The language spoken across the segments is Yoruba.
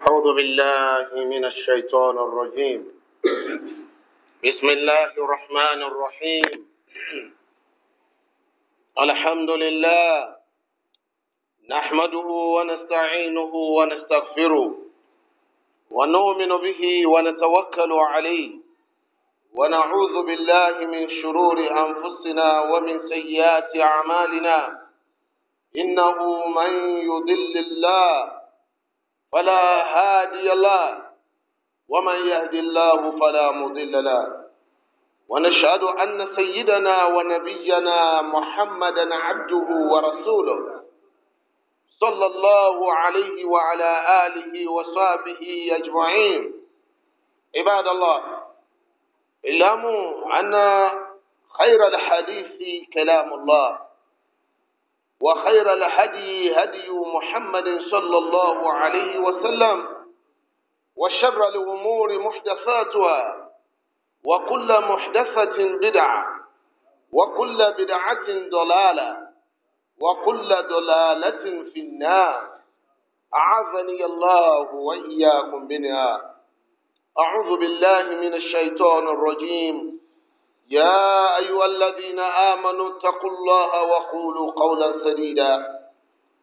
أعوذ بالله من الشيطان الرجيم بسم الله الرحمن الرحيم الحمد لله نحمده ونستعينه ونستغفره ونؤمن به ونتوكل عليه ونعوذ بالله من شرور أنفسنا ومن سيئات أعمالنا إنه من يضل الله فلا هادي الله ومن يهد الله فلا مضل له ونشهد أن سيدنا ونبينا محمدا عبده ورسوله صلى الله عليه وعلى آله وصحبه أجمعين عباد الله اعلموا أن خير الحديث كلام الله وخير الهدي هدي محمد صلى الله عليه وسلم وشر الأمور محدثاتها وكل محدثة بدعة وكل بدعة ضلالة وكل ضلالة في النار أعاذني الله وإياكم بنا أعوذ بالله من الشيطان الرجيم يا أيها الذين آمنوا اتقوا الله وقولوا قولا سديدا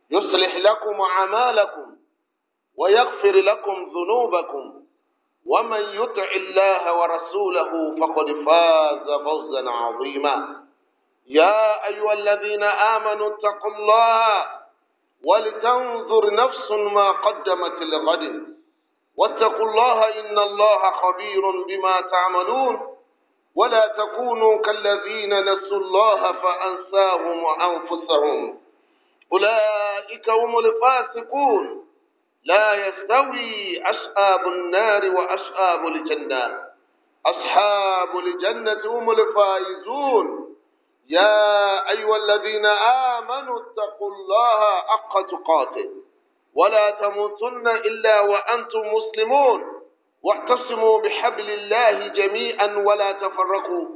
يصلح لكم أعمالكم ويغفر لكم ذنوبكم ومن يطع الله ورسوله فقد فاز فوزا عظيما يا أيها الذين آمنوا اتقوا الله ولتنظر نفس ما قدمت لغد واتقوا الله إن الله خبير بما تعملون ولا تكونوا كالذين نسوا الله فأنساهم أنفسهم أولئك هم الفاسقون لا يستوي أصحاب النار وأصحاب الجنة أصحاب الجنة هم الفائزون يا أيها الذين آمنوا اتقوا الله حق تقاته ولا تموتن إلا وأنتم مسلمون واعتصموا بحبل الله جميعا ولا تفرقوا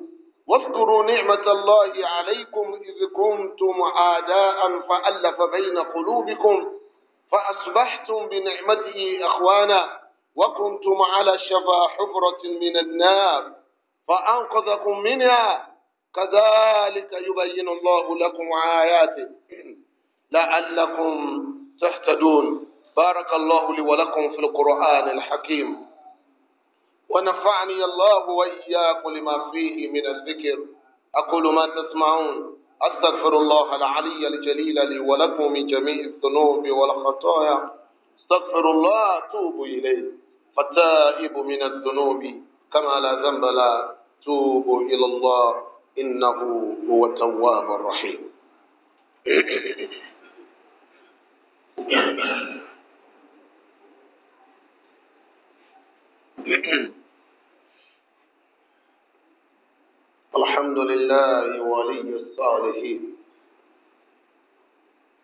واذكروا نعمة الله عليكم إذ كنتم أعداء فألف بين قلوبكم فأصبحتم بنعمته أخوانا وكنتم على شفا حفرة من النار فأنقذكم منها كذلك يبين الله لكم آياته لعلكم تهتدون بارك الله لي ولكم في القرآن الحكيم ونفعني الله وإياكم لما فيه من الذكر أقول ما تسمعون أستغفر الله العلي الجليل لي ولكم من جميع الذنوب والخطايا استغفر الله توب إليه فتائب من الذنوب كما لا ذنب لا توب إلى الله إنه هو التواب الرحيم Thank you. الحمد لله ولي الصالحين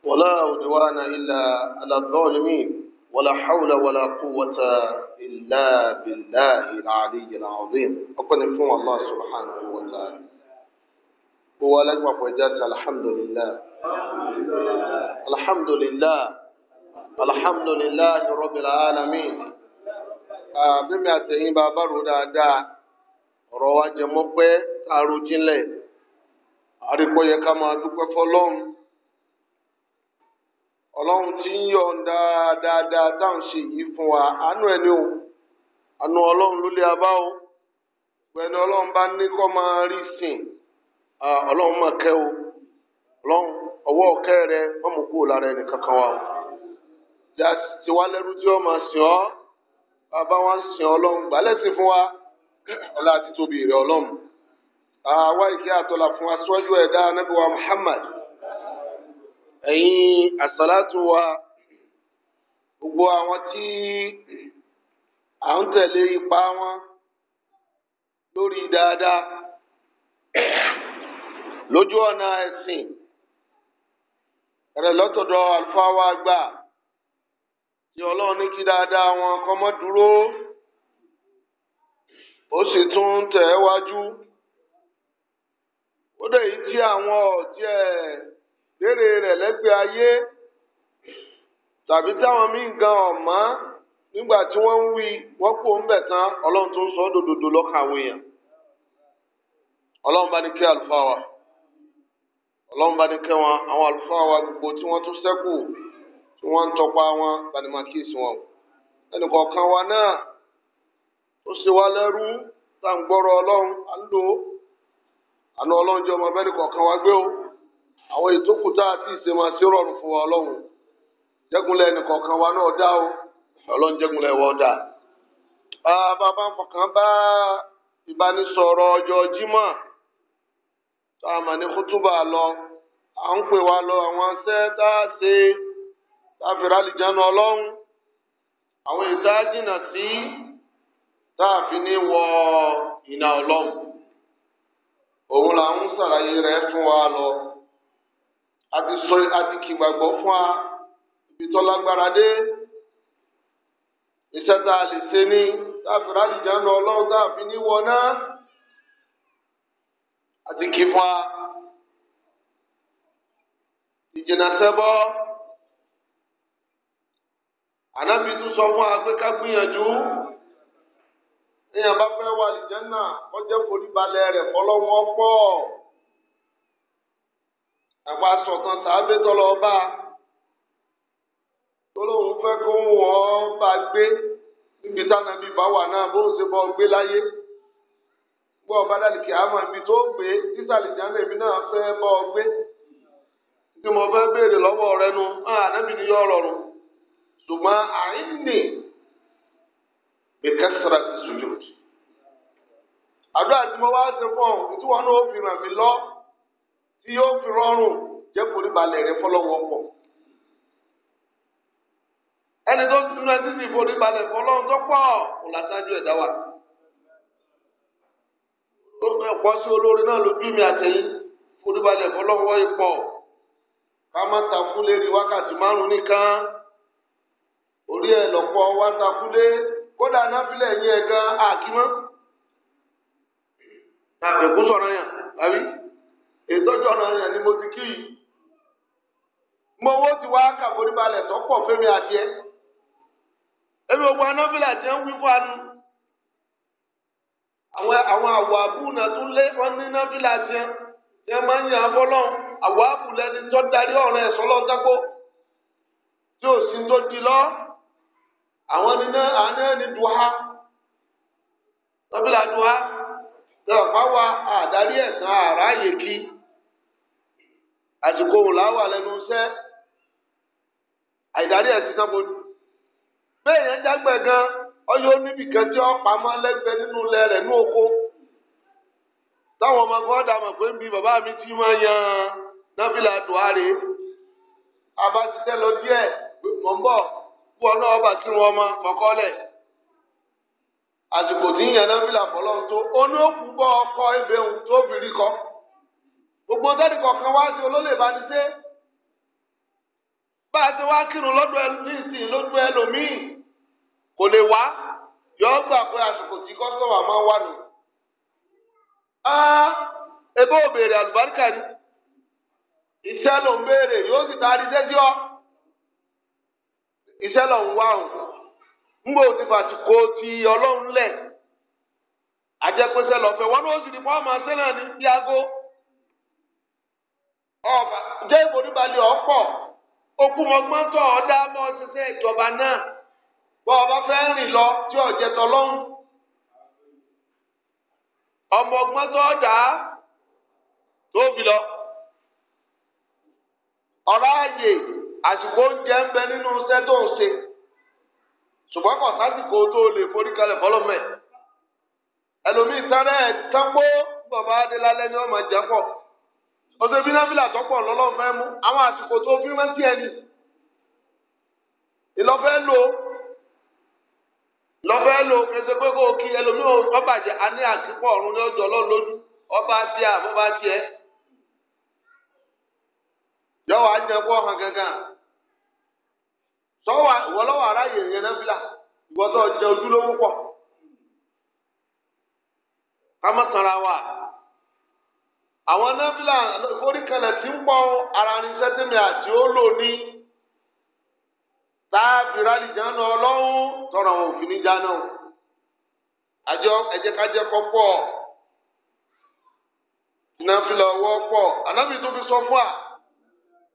ولا عدوان إلا على الظالمين ولا حول ولا قوة إلا بالله العلي العظيم أقول فهم الله سبحانه وتعالى هو لجمع فوجات الحمد لله الحمد لله الحمد لله رب العالمين آه بما تهين بابا رودا رواج مقبل àròjinlẹ̀ àrípọ̀ yẹ ká máa dúpẹ́ fọlọ́run ọlọ́run tí ń yọ̀ ń dáadáa dáhùn yìí fún wa àánú ẹni o àánú ọlọ́run ló lé abá o gbẹ̀ni ọlọ́run bá ní máa rí sìn ọlọ́run mọ̀ kẹ́ o ọwọ́ ọkẹ rẹ kúrò lára kankan wa o tí ọ́ bàbá wa àwa ìkẹ́ àtọ́là fún aṣíwájú ẹ̀dá anábì wa Muhammad ẹ̀yin àsálàtù wa gbogbo àwọn tí à ń tẹ̀lé ipa wọn lórí dáadáa lójú ọ̀nà ẹ̀sìn ẹ̀rẹ̀ lọ́tọ̀dọ̀ àlùfáà wa gbà tí ọlọ́run ní kí dáadáa wọn kọ́ mọ́ dúró ó sì tún tẹ̀ ẹ́ wájú kódà èyí tí àwọn ọ̀tí ẹ̀ léèrè rẹ̀ lẹ́gbẹ̀ẹ́ ayé tàbí táwọn míì gan ọ̀mọ́ nígbà tí wọ́n ń wí wọ́n kú òun bẹ̀ tán ọlọ́run tó ń sọ dòdòdò lọ́kàn àwọn èèyàn ọlọ́run bá ní kí àlùfáà wa ọlọ́run bá ní kí wọn àwọn àlùfáà wa gbogbo tí wọ́n tún ṣẹ́kù tí wọ́n ń tọpa wọn gbanimá kíyèsí wọn ẹnìkọ̀ọ̀kan wa náà ó ṣe wá lẹ́rú tá à ń gbọ́rọ̀ ọlọ́run à ń lò ó àna ọlọ́njọ́ ọmọ abẹ́ni kọ̀ọ̀kan wá gbé o àwọn ìtókù tá a ti ṣe máa ṣe rọrùn fún wa ọlọ́run jẹ́gunlẹ̀ ẹnì kọ̀ọ̀kan wa náà dá o ọlọ́run jẹ́gunlẹ̀ wọ́n dá. bàbá kọ̀ọ̀kan bá ìbánisọ̀rọ̀ ọjọ́ Jímọ̀ tá a mà ní kútúbà lọ à ń pè wá lọ àwọn ṣẹ́ tá a ṣe tá a fèrè àlìjáná ọlọ́run àwọn ìta sí tá a fi ní wọ ìnà ọlọ́run òun là ń sàlàyé rẹ̀ fún wa lọ àti sọ àti kìgbàgbọ́ fún wa ibi tó lágbára dé iṣẹ́ tá a lè ṣe ní táàfin àdìjá náà ọlọ́run táàfin níwọ náà àti kí fún wa ìjìnà sẹ́bọ́ ànábì tún sọ fún wa pé ká gbìyànjú èèyàn bá fẹ́ wà lìjánà ọjọ́ foríbalẹ̀ rẹ̀ fọlọ́wọ́n pọ̀ àwa sọ̀kan sàábé tọ́lọ bá tọ́lọ́hún fẹ́ kó wọ́n bá gbé níbi táwọn ẹbí bá wà náà bó ń ṣe bọ́ gbé láyé gbọ́ bàdàlìkì àmọ́ ibi tó gbé sísàlẹ̀ jánà èmi náà fẹ́ bọ́ gbé tí mo fẹ́ béèrè lọ́wọ́ rẹ nu ah, ànábì ni yọ ọ̀rọ̀ rùn ṣùgbọ́n àìní ìkẹsìrà ti sùjò àdúrà tí mo wá ṣe fún ọ tí wọn náà fi ràn mí lọ tí yóò fi rọrùn jẹ kórì balẹ̀ rẹ fọlọ́wọ́ pọ̀ ẹni tó ti dúró títí ìforí balẹ̀ fọlọ́wọ́ tó pọ̀ kò látàjú ẹ̀dá wa ẹ̀kọ́ sí olórí náà lójú mi àtẹ̀yìn forí balẹ̀ fọlọ́wọ́ ipọ̀ ká má takú lérí wákàtí márùn-ún nìkan orí ẹ̀ lọ́pọ̀ wá takú kódà náfìlà yín ẹ̀kan àkímọ́ àpèkú sọ̀rọ̀ yàn àbí ìtọ́jú ọ̀rọ̀ yàn ni mo ti kí yìí mo wo ti wá kàforíbalẹ̀ tó pọ̀ fẹ́mi àti ẹ́ ògbó anáfìlà tí ń wí fún anu àwọn àwọn àwọ̀ àbúnà tó lé wọn ní náfìlà tí ń tí máa ń yàn fọlọ́ àwọ̀ àbúlẹ̀ ni tó darí ọ̀rọ̀ ẹ̀ sọ́lọ́ dákó tí ò sí tó di lọ́ọ́ àwọn nínú àná ní duha lọ́bílà duha lọ́pàá wa àdárí ẹ̀sán àráyè kí àsìkò òun làwà lẹ́nu iṣẹ́ àìdárí ẹ̀sìn náà bójú bẹ́ẹ̀ yẹn jágbẹ́ gan ọyọ́ níbi kan tí ó pamọ́ lẹ́gbẹ̀ẹ́ nínú ilẹ̀ rẹ̀ ní oko táwọn ọmọ gbọ́dọ̀ àmọ̀ pé ń bi bàbá mi ti máa yan nábìlà duha rèé abá ti tẹ́ lọ díẹ̀ mọ̀ ń bọ̀ wọn náà bá kírun ọmọ kọ́kọ́lẹ̀ àsìkò tí ìyẹn náà fìlà fọlọ́ tó oní òkúgbọ́ ọkọ ebèhùn tó bìrì kọ́ gbogbo dẹ́rì kọ̀ọ̀kan wá sí olólè bá ní sé bá a ti wá kírun lọ́dọ̀ nísìn lọ́dọ̀ ẹlòmíì kò lè wá yọ gbà pé àsìkò tí kọ́sọ̀mà máa ń wà nù. ebe ò béèrè àlùbáríkà ni iṣẹ́ ló ń béèrè yóò sì ta adíṣẹ́ sí ọ. iṣẹ́ lọ ń wá o ńgbò ti ọlọ́run lẹ̀ àjẹpẹ́sẹ́ lọ́fẹ́ wọn ló sì ní fọ́ọ̀mù asẹ́nà ní ọba jẹ́ ìforíbalẹ̀ ọ̀pọ̀ okùnmọ́gbọ́n tó ọ̀dá mọ́ ṣiṣẹ́ ìjọba náà ọba fẹ́ rìn lọ tí ọ̀jẹ̀ tọ́lọ́hún ọmọgbọ́n tó ọ̀dá tó fi lọ ọ̀rọ̀ àsìkò oúnjẹ ń bẹ nínú iṣẹ́ tó ń ṣe ṣùgbọ́n kò sásìkò tó lè forí kalẹ̀ fọlọ́mẹ̀ ẹlòmíì sáré tánpó bàbá adélálẹ ni máa mú àwọn àsìkò tó fi ẹni lò lò pé kí ẹlòmíì àsìkò ní ọjọ́ Ọlọ́run lójú ọba tiẹ àbọba tiẹ yọ hàn gángan. tọ́wà ìwọ ara aráyè yẹn náà fìlà ìwọ tó jẹ ojúlówó pọ̀ kámọ́ tanra wa àwọn náà fìlà ń ara ní sẹ́tẹ̀mì àti jáná tọrọ àwọn òfin jáná o àjọ ẹ̀jẹ̀ kájẹ́ kọ́ pọ̀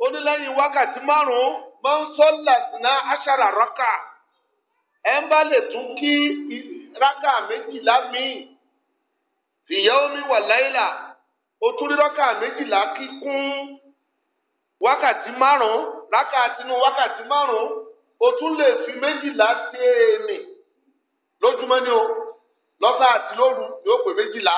ó ní lẹ́yìn wákàtí márùn-ún máa ń sọ́là ná aṣara rákà ẹ̀ ń bá lè tún kí rákà méjìlá míì ìyá omi wà láìlà ó tún rí rákà méjìlá kíkún wákàtí márùn-ún rákà tinú wákàtí márùn-ún ó tún lè fi méjìlá ṣe é lójúmọ́ ni o àti lóru yóò pè méjìlá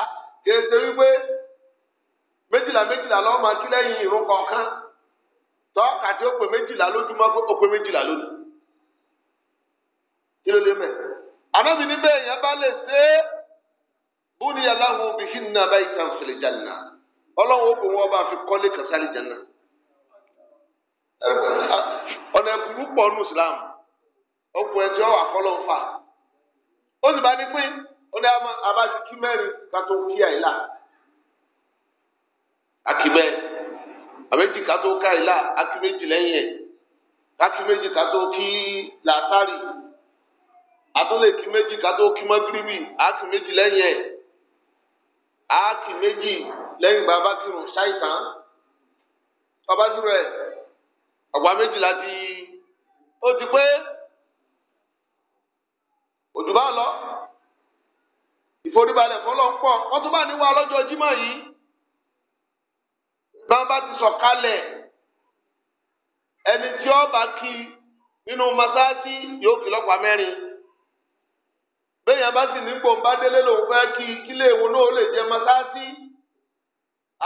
tọ́ka tí ó pè méjìlá lójúmọ́ ó pè méjìlá lónìí kí ló lè mẹ́. àmọ́bi níbẹ̀ èèyàn bá lè ṣe é búni aláwo bìkí nà báyìí kan fìlè jàǹnà ọlọ́run ó kò wọ́n bá fi kọ́lé kàṣálì jàǹnà. ọ̀nà ẹ̀kúrú pọ̀ nù Islam ọkùnrin tí ó wà fọlọ́ ń fà ó sì bá ní pín ó ní kí mẹ́rin ká kí àyílà akíbẹ́ àméjì ká tó ká ìlà ákí méjì lẹ́yìn ẹ̀ kákí méjì ká tó kí làásàrì àtúnlẹ̀ kí méjì ká tó kí mọ́gírìbì ákí méjì lẹ́yìn ẹ̀ ákí méjì lẹ́yìn bàbá kírun ṣáìtàn bàbá kírun ẹ̀ ọ̀gbà méjì láti ó ti pé òdùbà lọ ìforíbalẹ̀ fọlọ́ ń pọ̀ wọ́n tún bá ní wa lọ́jọ́ Jímọ̀ yìí tán bá ti sọ̀kalẹ̀ ẹni tí ó bá kí nínú masáàsì yóò kí lọ́pàá mẹ́rin bẹ́ẹ̀yàn bá sì nípò ń bá délé lòun fẹ́ kí kílé èwo náà ó lè jẹ masáàsì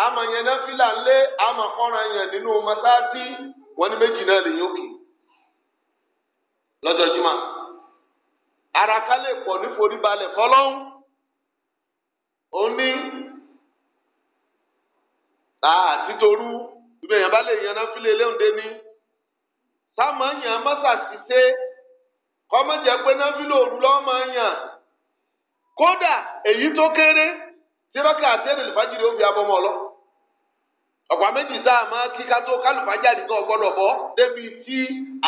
àmọ̀ yẹn náà fílà lé àmọ̀ kọ́ra yẹn nínú masáàsì wọn ní méjì náà lè yóò lọ́jọ́ jùmọ̀ ara ká lè pọ̀ níforí balẹ̀ fọlọ́hún òun ní àti torú ìgbẹ́ yẹn bá lè yan náfìlẹ̀ eléhùndé ni sáàmù yàn mọ́sàtìṣe kọ́mọ́jẹ́ pé náfìlẹ̀ òru lọ́mọ yàn kódà èyí tó kéré tírọ́kì àti èrè lùfájìrì ó fi abọ́mọ lọ ọ̀pá méjì tá a máa kí ká tó kálùfájà nìkan ọ̀gbọ́dọ̀ bọ́ débi tí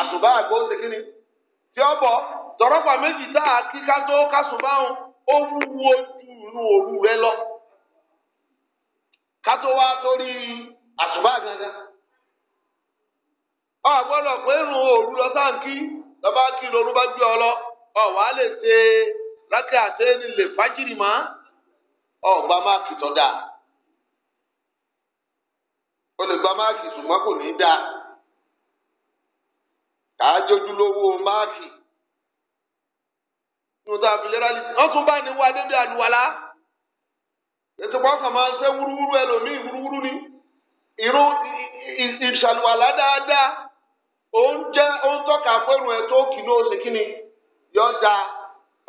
àtùbá àgbọ̀ ó ṣe kíni tí ọ bọ̀ tọ̀rọ̀pá méjì tá kí ká tó kásùbáhùn ó wúwo ju òru rẹ lọ. kátó wá sórí àsùbá gangan ọ gbọ́dọ̀ pé irun òru lọ sáǹkì lọba kí lóru bá ọ wa le wà á lè ṣe rákẹ àtẹni lè ọ gba máàkì tó dáa o lè gba máàkì ṣùgbọ́n kò ní í dáa kàá jójú lówó máàkì. Nínú ètùpọ̀ kan máa ń ṣe wúrúwúrú ẹlòmíì wúrúwúrú ni irun ìṣàlùwàlá dáadáa òun jẹ́ òun tọ́ka fẹ́ràn ẹ̀ tó kì ní oṣù kínní yọjà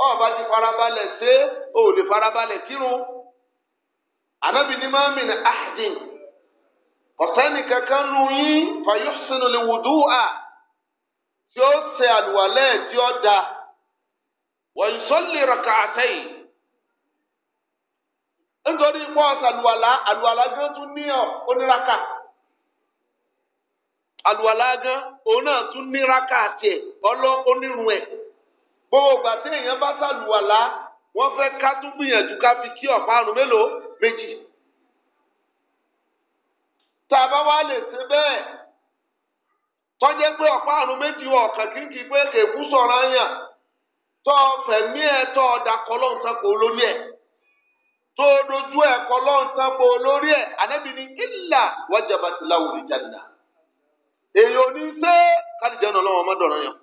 ọba ti farabalẹ̀ ṣe ò lè farabalẹ̀ kírun ànábì ní máa ń mìíràn áàdìn ọ̀sẹ́ni kankan nu yín fàyọ́sìn lè wùdú à tí ó ṣe àlùwàlẹ̀ tí ó da wọ̀nyí sọ́lì rẹ̀ kàtẹ́yìí. nítorí pọ́ àtàlùwàlá àlùwàlá gan tún ní oníraka àlùwàlá gan òun náà tún níraka tiẹ̀ ọlọ onírun ẹ̀ gbogbo ìgbà tí èèyàn bá sàlùwàlá wọ́n fẹ́ ká tún gbìyànjú ká fi kí ọ̀pá àrùn mélòó méjì tá a bá wá lè ṣe bẹ́ẹ̀ pé méjì kìkì pé tó dojú ẹ̀kọ́ lọ́ntàn bo lórí ẹ̀ ànábì ní ìlà wájàbá ti láwùrì jáde èèyàn ní sẹ́ kálíjà náà lọ́wọ́ ọmọ dọ̀rọ̀ yẹn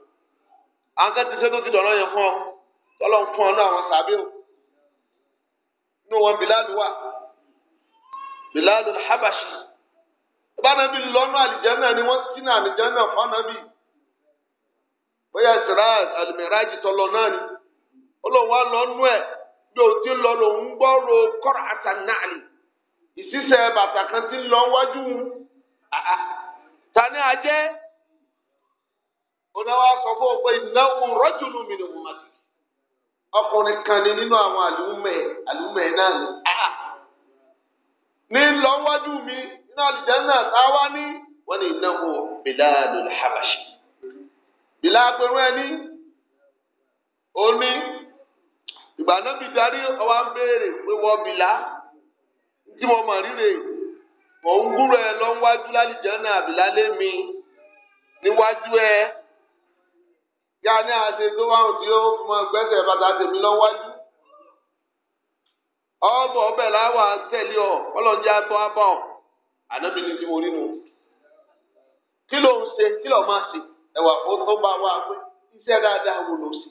àǹkà ti sẹ́ tó ti dọ̀rọ̀ yẹn fún ọ tọ́lọ́ fún ọ náà àwọn sàbí o inú wọn Bilal wà Bilal al-Habashi ìbánabi lọ́nà àlìjẹ́nà ni wọ́n sínú àlìjẹ́nà fọ́nàbí bóyá Isra al-Miraj tọ́lọ náà ni ó lóun wá lọ́nù ẹ̀. bí o ti lọ lòun gbọ́rọ̀ kọ́ra àtànáàlì ìṣiṣẹ́ bàtà kan ti lọ wájú tani ajẹ́ O sọ fún òpin ìnáwó rọ́jùlù mi ni mo máa ti kan ni nínú àwọn àlùmẹ̀ àlùmẹ̀ náà ni ní lọ́wọ́jú mi ní wọ́n habashi ni. O ní. ìgbà náà bí darí ọwọ́ ń béèrè pé wọ́n bì lá tí mo mọ̀ ríre mò ń gúrò ẹ lọ́wájú lálìjánà àbílálé mi níwájú ẹ yá ní àti tó wáhùn tí ó mọ gbẹ́sẹ̀ bàtà tèmi lọ́wájú ọmọ ọbẹ̀ láwà tẹ̀lé ọ ọlọ́njẹ́ atọ́ abọ́ ànábi ni tí mo rí nu kí ló ń ṣe kí ló máa ṣe ẹ̀wà ó tó bá wá pé iṣẹ́ dáadáa wo ló ṣe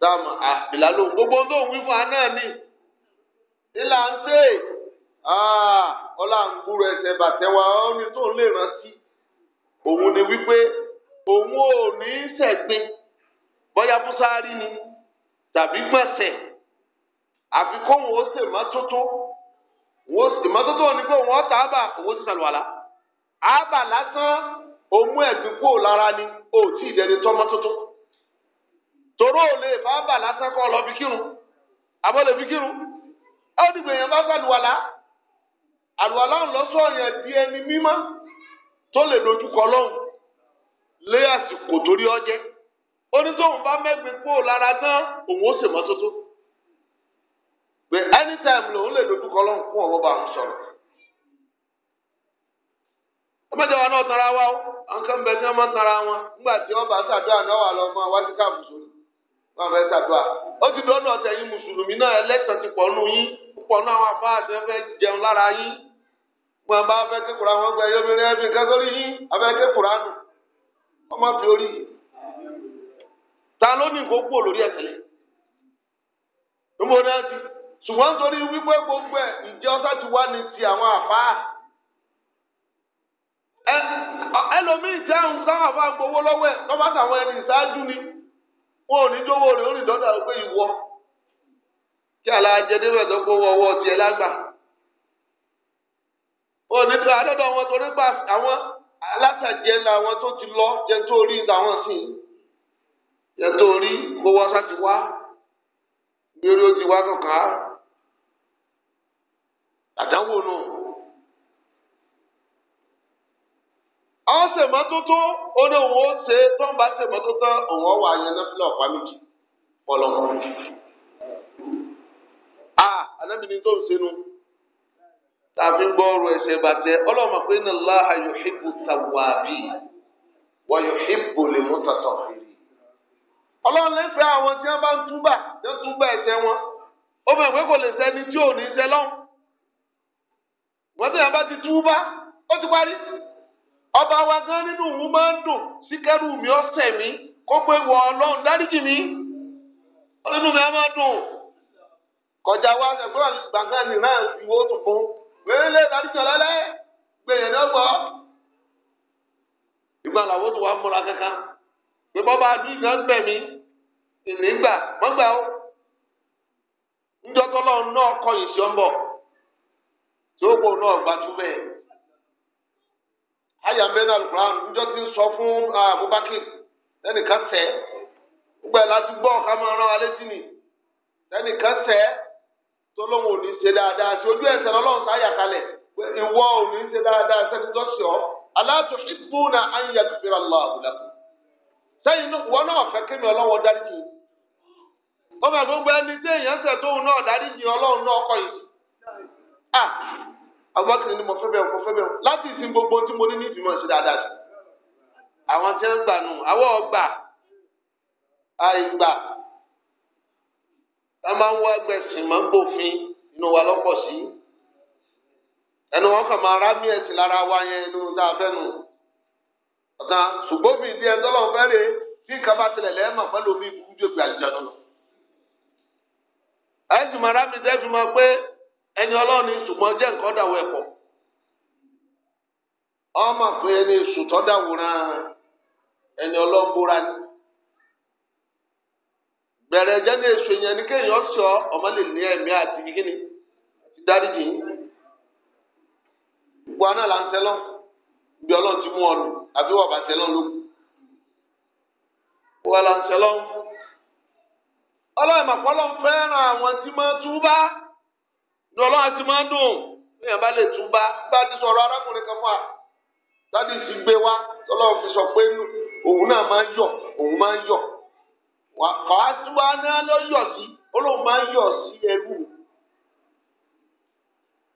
dáàmú àbìlálò ah, gbogbo tó ń wí fún aná ni ìlà ń tè ah, ọlá ń gbúrò ẹsẹ̀ bàtẹ́wà ọ̀rìn tó ń lè rántí òun ni wípé òun ò ní sẹ̀gbin bóyá fúsáárì ni tàbí gbọ̀nsẹ̀ àfi kóhun ó sì mọ́tótó ìmọ́tótó ni pé òun ọ̀tá àbà òun ti sàlùwàlà àbà lásán òun mú ẹ̀gbin kúrò lára ni òun tí dẹni tọ́ mọ́tótó. toró ole lè bá bà lásán kọ́ lọ fi kírun àbọ̀ lè fi kírun ẹ dìgbò èèyàn bá ń lọ sọ yẹn di ẹni mímọ́ tó lè dojúkọ lọ́hùn lé àsìkò torí ọjẹ́ oníṣòwò bá mẹ́gbẹ̀ẹ́ kó lára tán òun ó sì mọ́ tótó anytime lòun lè lọ́hùn fún ọ̀rọ̀ bá ń sọ̀rọ̀ ọmọdé wa náà tara wa ó àwọn kan bẹ tí wọn fẹ́ ṣàdúrà ó ti dọ́nà ọ̀sẹ̀ yìí mùsùlùmí náà ẹlẹ́sàn ti pọ̀ yín pọ̀ àwọn jẹun lára yín wọn bá fẹ́ mìíràn yín ọmọ fi orí ta ló ní nǹkan kúrò lórí ẹ̀tẹ̀lẹ̀ ti ṣùgbọ́n torí wípé gbogbo ẹ̀ ọ́sá ti wá ní ti àwọn àfá wọn ò ní jówó rẹ̀ ó rìn dọ́dà pé ìwọ kí alájẹ débẹ̀ tó kó wọ ọwọ́ tiẹ̀ lágbà wọn ò ní tó àdọ́dọ̀ wọn torí pa àwọn alátàjẹ làwọn tó ti lọ jẹ tó rí làwọn sì jẹ tó rí kó wọ́n sá ti wá bí orí ó ti wá kọ̀ọ̀kan àdánwò náà. ọ̀sẹ̀mọ́tótó ó ní òun ó ṣe tó ń bá ṣèmọ́tótó òun ó wà yẹn náà méjì pọlọmọ. a anábì ní tó ń senu tàbí gbọ́ọ̀rọ̀ ẹ̀ṣẹ̀ bàtẹ ọlọ́mọ pé ní Allaha yuhibbu tawwabi wa yuhibbu limutatahhirin. ọlọ́run lè fẹ́ àwọn tí wọ́n bá ń túbà tí wọ́n túbà ẹ̀ṣẹ̀ wọn ó mọ̀ pé kò lè sẹ́ni tí ò ní í sẹ́ lọ́hùn. wọ́n ti yàrá bá ti túbà ó ti parí ọba wa gan nínú òun máa ń dùn síkẹ́rù mi ọ̀sẹ̀ mi kó pé wọ ọlọ́run dáríjì mi nínú mi á máa dùn kọjá wa ẹgbẹ́ gbàngán ni náà ìwọ tó fún wẹ́lẹ́ dáríjì ọ̀lẹ́lẹ́ gbẹ̀yẹ̀ ní ọgbọ́ ìgbà làwọn tó wà ń múra kankan pé bọ́ba àdúgbò ìgbà ń gbẹ̀mí ìnígbà mọ́gbà ó ń jọ́tọ́ lọ́run náà kọ ìṣọ́ ń bọ̀ tí ó kó náà gbàtú bẹ́ẹ̀. àyà mẹ́rin alukuran níjọ́ ti sọ fún Abubakar lẹ́nìkan tẹ̀ gbẹ láti gbọ́ ọ̀ká máa rán wa létí ni lẹ́nìkan tẹ̀ ò ní ṣe dáadáa sí ojú ẹsẹ̀ lọ́lọ́run sáyà kalẹ̀ ìwọ ò ní ṣe dáadáa sẹ́ni tó ṣe ọ́ aláàtò ayé aláàbò sẹ́yìn wọn náà fẹ́ ọlọ́wọ́ ọmọ ẹni tí èèyàn abubakar ni mo fẹ́ bẹ̀rù mo fẹ́ bẹ̀rù láti ìsìn gbogbo tí mo ní ní ìfìmọ̀ ṣe dáadáa sí àwọn tí wọ́n gbà nù àwọn ọgbà àìgbà tá máa ń wá ẹgbẹ̀sìn máa ń gbòfin inú wa lọ́pọ̀ sí ẹnu wọn kàn máa rámí ẹ̀sìn lára wa yẹn inú tá a fẹ́ nù ọ̀tá ṣùgbọ́n bíi ìdí ẹjọ́ lọ́wọ́ fẹ́ rè tí nǹkan bá tilẹ̀ lẹ́ẹ̀mọ̀ pẹ́lú omi ìbùkún jòkè àjẹjọ́ ẹni ọlọ́run ní ṣùgbọ́n jẹ́ nǹkan dàwọ̀ ẹ̀pọ̀ ọmọ pé ẹni sùtọ́ dàwòrán ẹni ọlọ́run bóra ni bẹ̀rẹ̀ ẹ̀jẹ̀ ní èso yẹn ni kéèyàn sọ ọmọ lè ní ẹ̀mí àti kíni àti dáríjì gbogbo aná là ń ti mú ọ nù àbí wọ́n bá ló là ń fẹ́ràn àwọn tí ní ọlọ́run àti máa ń dùn èèyàn bá lè túbá bá ti sọ̀rọ̀ arákùnrin kan fún wa ti gbé wa tọ́lọ́run fi sọ pé òun náà máa ń yọ̀ òun máa ń yọ̀ kọ́ á tí náà lọ yọ̀ sí olóhùn máa ń yọ̀ sí ẹrú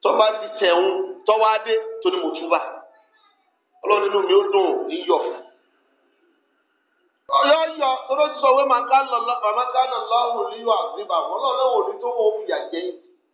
tọ́ba ti tẹ̀hún tọ́wádé tó ní mo túbá ọlọ́run nínú mi ó dùn yọ ti sọ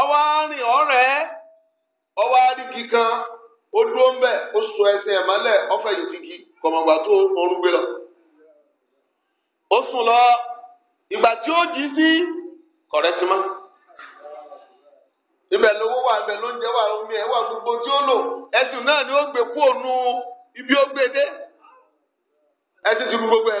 ọwọ́ arìn ọrẹ ọwọ́ arìgì kan ó dúró ń bẹ̀ ó sọ ẹsẹ ẹ̀ mọ́lẹ̀ ọ̀fẹ́ yìí tigi kọ̀mọ̀gbà tó orun gbé lọ. ó sùn lọ ìgbà tí ó jí sí kọ̀rẹ́ ibẹ̀ gbogbo tí ó lò náà ni ibi ó gbé gbogbo ẹ̀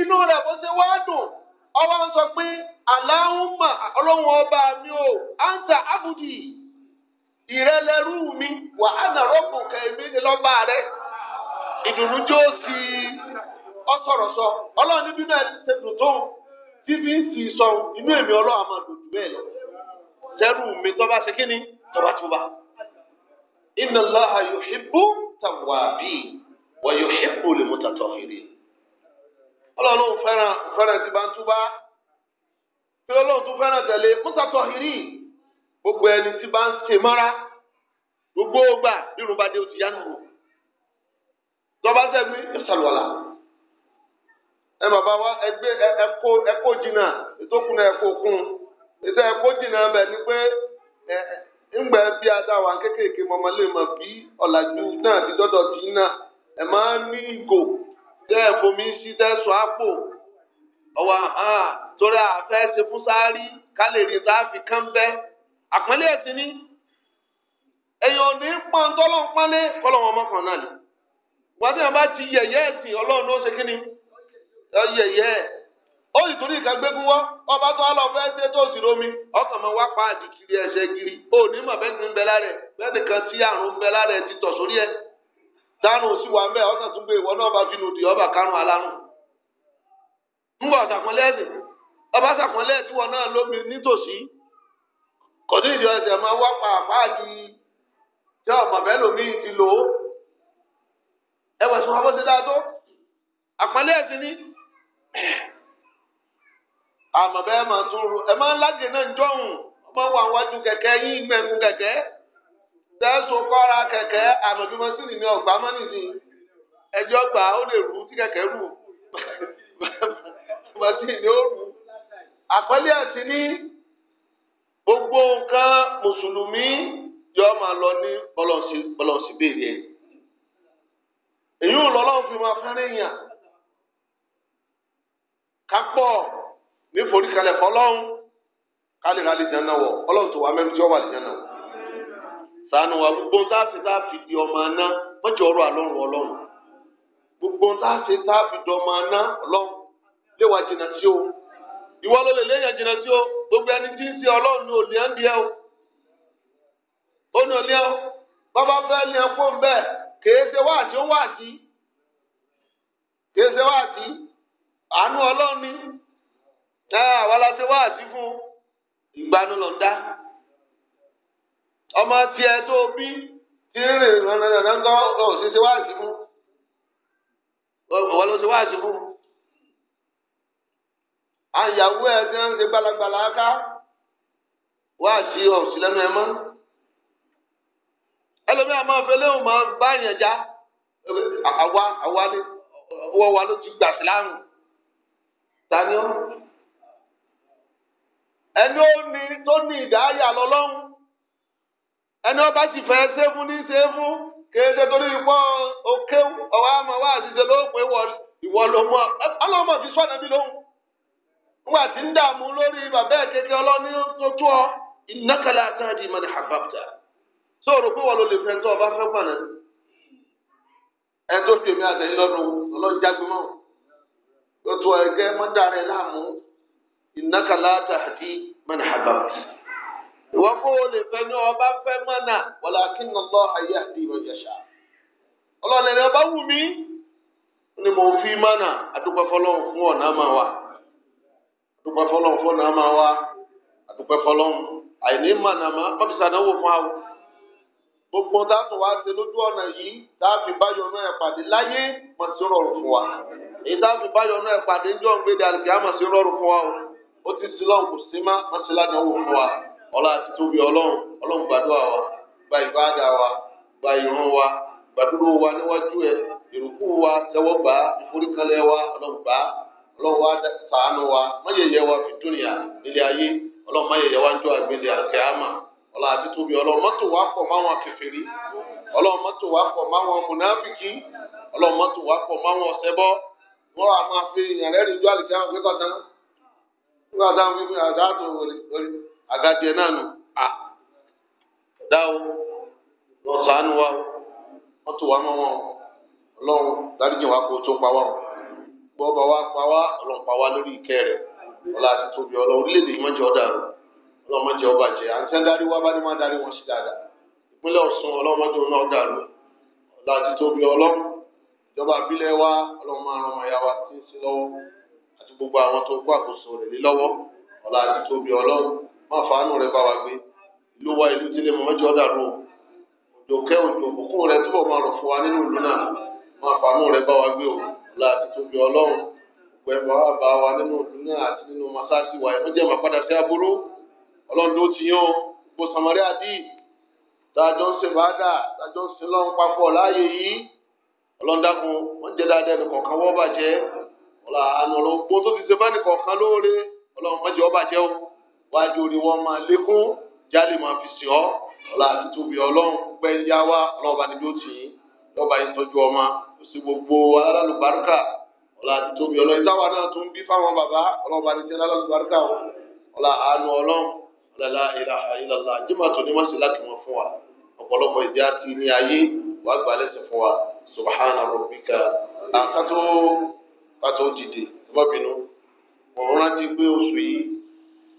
inú rẹ̀ bó ṣe wá dùn ọba ń sọ pé aláhùnmá ọlọ́run ọba mi ò áńtà ábùdì mi wà á nà rọ́pò kẹ̀mí ni lọ́ba rẹ̀ ìdùnnú jó sí ọ̀sọ̀rọ̀ sọ ọlọ́run níbí náà ṣe tí fi ń sì sọ inú èmi ọlọ́run àmọ́ dùn bẹ́ẹ̀ lọ lẹ́rù mi tọ́ba ṣe kí ni ta wa ọlọ́run fẹ́ràn fẹ́ràn tí bá ń túbá tí ọlọ́run tún fẹ́ràn tẹ̀lé mọ́tàtọ̀ hìrì gbogbo ẹni tí bá ń mọ́ra gbogbo ọgbà irunbadé òtí yánu wò tọ́ba sẹ́gbẹ́ yóò ṣàlùwàlà ẹ bàbá wa ẹgbẹ́ ẹkọ ẹkọ jìnnà ìtòkùnà ẹkọ kún ẹkọ jìnnà bẹ ni pé ẹ kékèké mọmọlé bi náà ti tẹ́ ẹ̀ fomi sí sọ àpò ọwọ́ hàn torí àfẹ́ ṣe fún sáárì ká lè rí kán bẹ́ ni èèyàn ò ní pọ́n tọ́lọ́ pọ́nlé kọ́lọ́wọ́n náà ni wọ́n ti yàn bá ti yẹ̀yẹ́ ẹ̀sìn ọlọ́run ló ṣe kí ni yẹ̀yẹ́ ẹ̀ ó torí wọ́ ọba tó lọ fẹ́ ṣe tó sì romi ọkàn wá pa àdìkiri ẹ̀ṣẹ̀ kiri bẹ́ẹ̀ ti ń bẹ lára ẹ̀ bẹ́ẹ̀ dárùn sí wa mẹ́ẹ̀ ọ̀nà tó ń gbé ìwọ náà bá bínú di ọba karùn ọba wọn náà lómi nítòsí kọ̀dí ìjọ ẹsẹ̀ máa wá pa àpáàdì tí ọmọ bẹ́ẹ̀ ti lò ó. sọ wọn bó ṣe dáa tó ni àmọ̀ bẹ́ẹ̀ máa tún ru máa ń náà ń ọmọ wájú yín tẹ́sùn kọ́ra kẹ̀kẹ́ àmọ̀bímọ́sìnì ní ọgbà mọ́nìsì ẹjọ́ gbà ó lè rú tí kẹ̀kẹ́ rù mọ́sìnì ni ó rù. àpẹẹlẹ ẹ̀sìn ní gbogbo nǹkan mùsùlùmí yọ máa lọ ní bọlọ̀sì béèrè ẹ̀. èyí ò lọ́lọ́run fi máa fún èèyàn kápọ̀ níforí kalẹ̀ fọlọ́run kálí ra lè jẹun náà wọ̀ ọlọ́run tó wà mẹ́rin tí ó wà lè jẹun náà sanu wa gbogbo tá a ṣe tá fi di ọmọ aná mọ́jọ ọ̀rọ̀ àlọ́run gbogbo tá ṣe fi di ọmọ aná léwà jìnnà sí o ìwọ ló lè gbogbo ẹni tí ń ṣe ní o ó ní bàbá ní kèé ṣe wá àti ó wá àti kèé ṣe wá àti àánú ni ẹ àwa wá ọmọ tiẹ̀ tó bí ti ń rìn rànrànràngán ọ̀ ṣe ṣe wáàsí fún ọ̀wọ́ ló ṣe wáàsí fún àyàwó ẹ̀ tí wọ́n ń ṣe gbalagbala ká wáàsí ọ̀sìn lẹ́nu ẹ̀ mọ́ ẹlòmí àmọ́ ọ̀fẹ́lẹ́hùn máa bá yẹn já àwa àwa ni ọwọ́ wa ló ti gbà síláàmù tani ó ẹni ó ní tó ní ìdáyà lọ́lọ́run. ẹni ọba ti fẹ́ ṣe fún ní ṣe fún kéde torí ìwọ òkè ọwọ́ àmọ́ wà àṣìṣe ló pé ìwọ ló mọ ọlọ́mọ fi sọ́nà bí lóhùn nígbà tí ń dààmú lórí bàbá ẹ̀ kékeré ọlọ́ni tó tó ọ ìnákàlà àtàdì ìmọ̀lẹ̀ o pé wọ́n ló lè ọba fẹ́ pàdé ẹ tó fi èmi àtẹ̀yìn lọ́nu mọ́ tó tó láàmú ìnákàlà àtàdì ìmọ̀lẹ̀ ìwọ kó o lè fẹ́ ní ọba fẹ́ mọnà wọlé akínà ayé àti ìrọjàṣà ọlọ́run ẹni ọba wù mí ni mo fi mana àdúpẹ́ fọ́lọ́run fún ọ̀nà máa wà àdúpẹ́ fọ́lọ́run fún ọ̀nà máa wà àdúpẹ́ fọ́lọ́run àìní mọnà máa pàbísà gbogbo dáàtò wa ṣe lójú ọ̀nà yìí dáàbì báyọ̀ náà ẹ̀ pàdé láyé mọ̀ sí rọrùn fún wa èyí ọlá àti tóbi ọlọ́run ọlọ́run gbàdúrà wa gba ìbáàdà wa gba ìran wa gbàdúrà wa níwájú ẹ wa tẹ́wọ́ gbà ìforíkanlẹ̀ wa gbà ọlọ́run wa ṣàánú wa mọyẹyẹ wa fi nílé ayé ọlọ́run wa ń jọ àgbélé àti àmà àti tóbi ọlọ́run mọ́tò wa pọ̀ máwọn ọlọ́run mọ́tò wa pọ̀ máwọn ọlọ́run mọ́tò wa pọ̀ máwọn fi àgàjẹ náà nù a dá o lọ ṣàánú wa o wọn tó wà mọ wọn Ọlọ́run dáríjì wa kó tó pa wọn gbọba wa pa wá Ọlọ́run pa wá lórí ìkẹ́ rẹ̀ ọlá àti tóbi Ọlọ́run orílẹ̀-èdè yìí mọjọ ọdà rẹ Ọlọ́run mọjọ ọba jẹ àti sẹńdárí wa bá ní má darí wọn sí dáadáa ìpínlẹ̀ Ọ̀ṣun Ọlọ́run mọjọ náà ọdà rẹ ọlá àti tóbi Ọlọ́run ìjọba àbílẹ̀ wa Ọlọ́run máa ran ọmọ ìyá wa tí ń sí lọ́wọ́ gbogbo àwọn tó kó àkóso rẹ̀ lé lọ́wọ́ ọlá àti tóbi Ọlọ́run má fàánù rẹ bá wa gbé ìlú wa ìlú tí lè mọ mẹjọ dàrú òjò kẹ òjò òkú rẹ túbọ̀ máa rọ̀ fún wa nínú ìlú náà má fàánù rẹ bá wa gbé o láti tóbi ọlọ́run òpè bá wa bá wa nínú ìlú náà àti nínú masáàsì wa ẹ̀ jẹ́ máa padà sí aburú ọlọ́run ló ti yán gbogbo samari àdì tàjọ ń ṣe bàdà tàjọ ń ṣe lọ́run papọ̀ láàyè yìí ọlọ́run dákun wọ́n jẹ́ dáadáa ẹnìkọ̀ọ̀kan wọ́n bàjẹ́ ọ̀là àná ọlọ́run gbogbo tó ti ṣe bá ẹnìkọ̀ọ̀kan lóore ọlọ́run mọ́jọ́ bàjẹ́ o wájú orí wọn máa lékún jálè máa fi sí ọ ọlá àti tóbi ọlọ́run pẹ́ ń yá wá ọlọ́ọ̀bá níbi ó tì yín lọ́ba yìí tọ́jú ọmọ ó sì gbogbo alálùbáríkà ọlá àti tóbi ọlọ́run ìtawà náà tún bí fáwọn bàbá ọlọ́ọ̀bá ní tẹ́lá alálùbáríkà wọn ọlá àánú ọlọ́run ọlọ́lá ilaha illallah jimátò ní mọ́sí láti wọn fún wa ọ̀pọ̀lọpọ̀ ìdí àti ní ayé wàá gbà lẹ́sẹ̀ fún wa subhana rabbika àkàtó kàtó dìde ọmọbìnrin wọn rántí pé oṣù yìí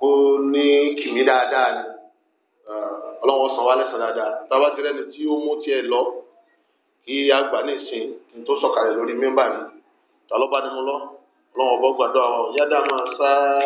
kó ní kìmí dáadáa ni ah, ọlọ́wọ́ san wálé san dáadáa bàbá tirẹ̀ ni tí ó mú tiẹ̀ lọ kí àgbà ní ìsìn kí n tó sọ̀kalẹ̀ lórí mímbà mi tà bá ní mo lọ ọlọ́wọ́ bọ́ gbàdúrà wọn yá dá máa sá.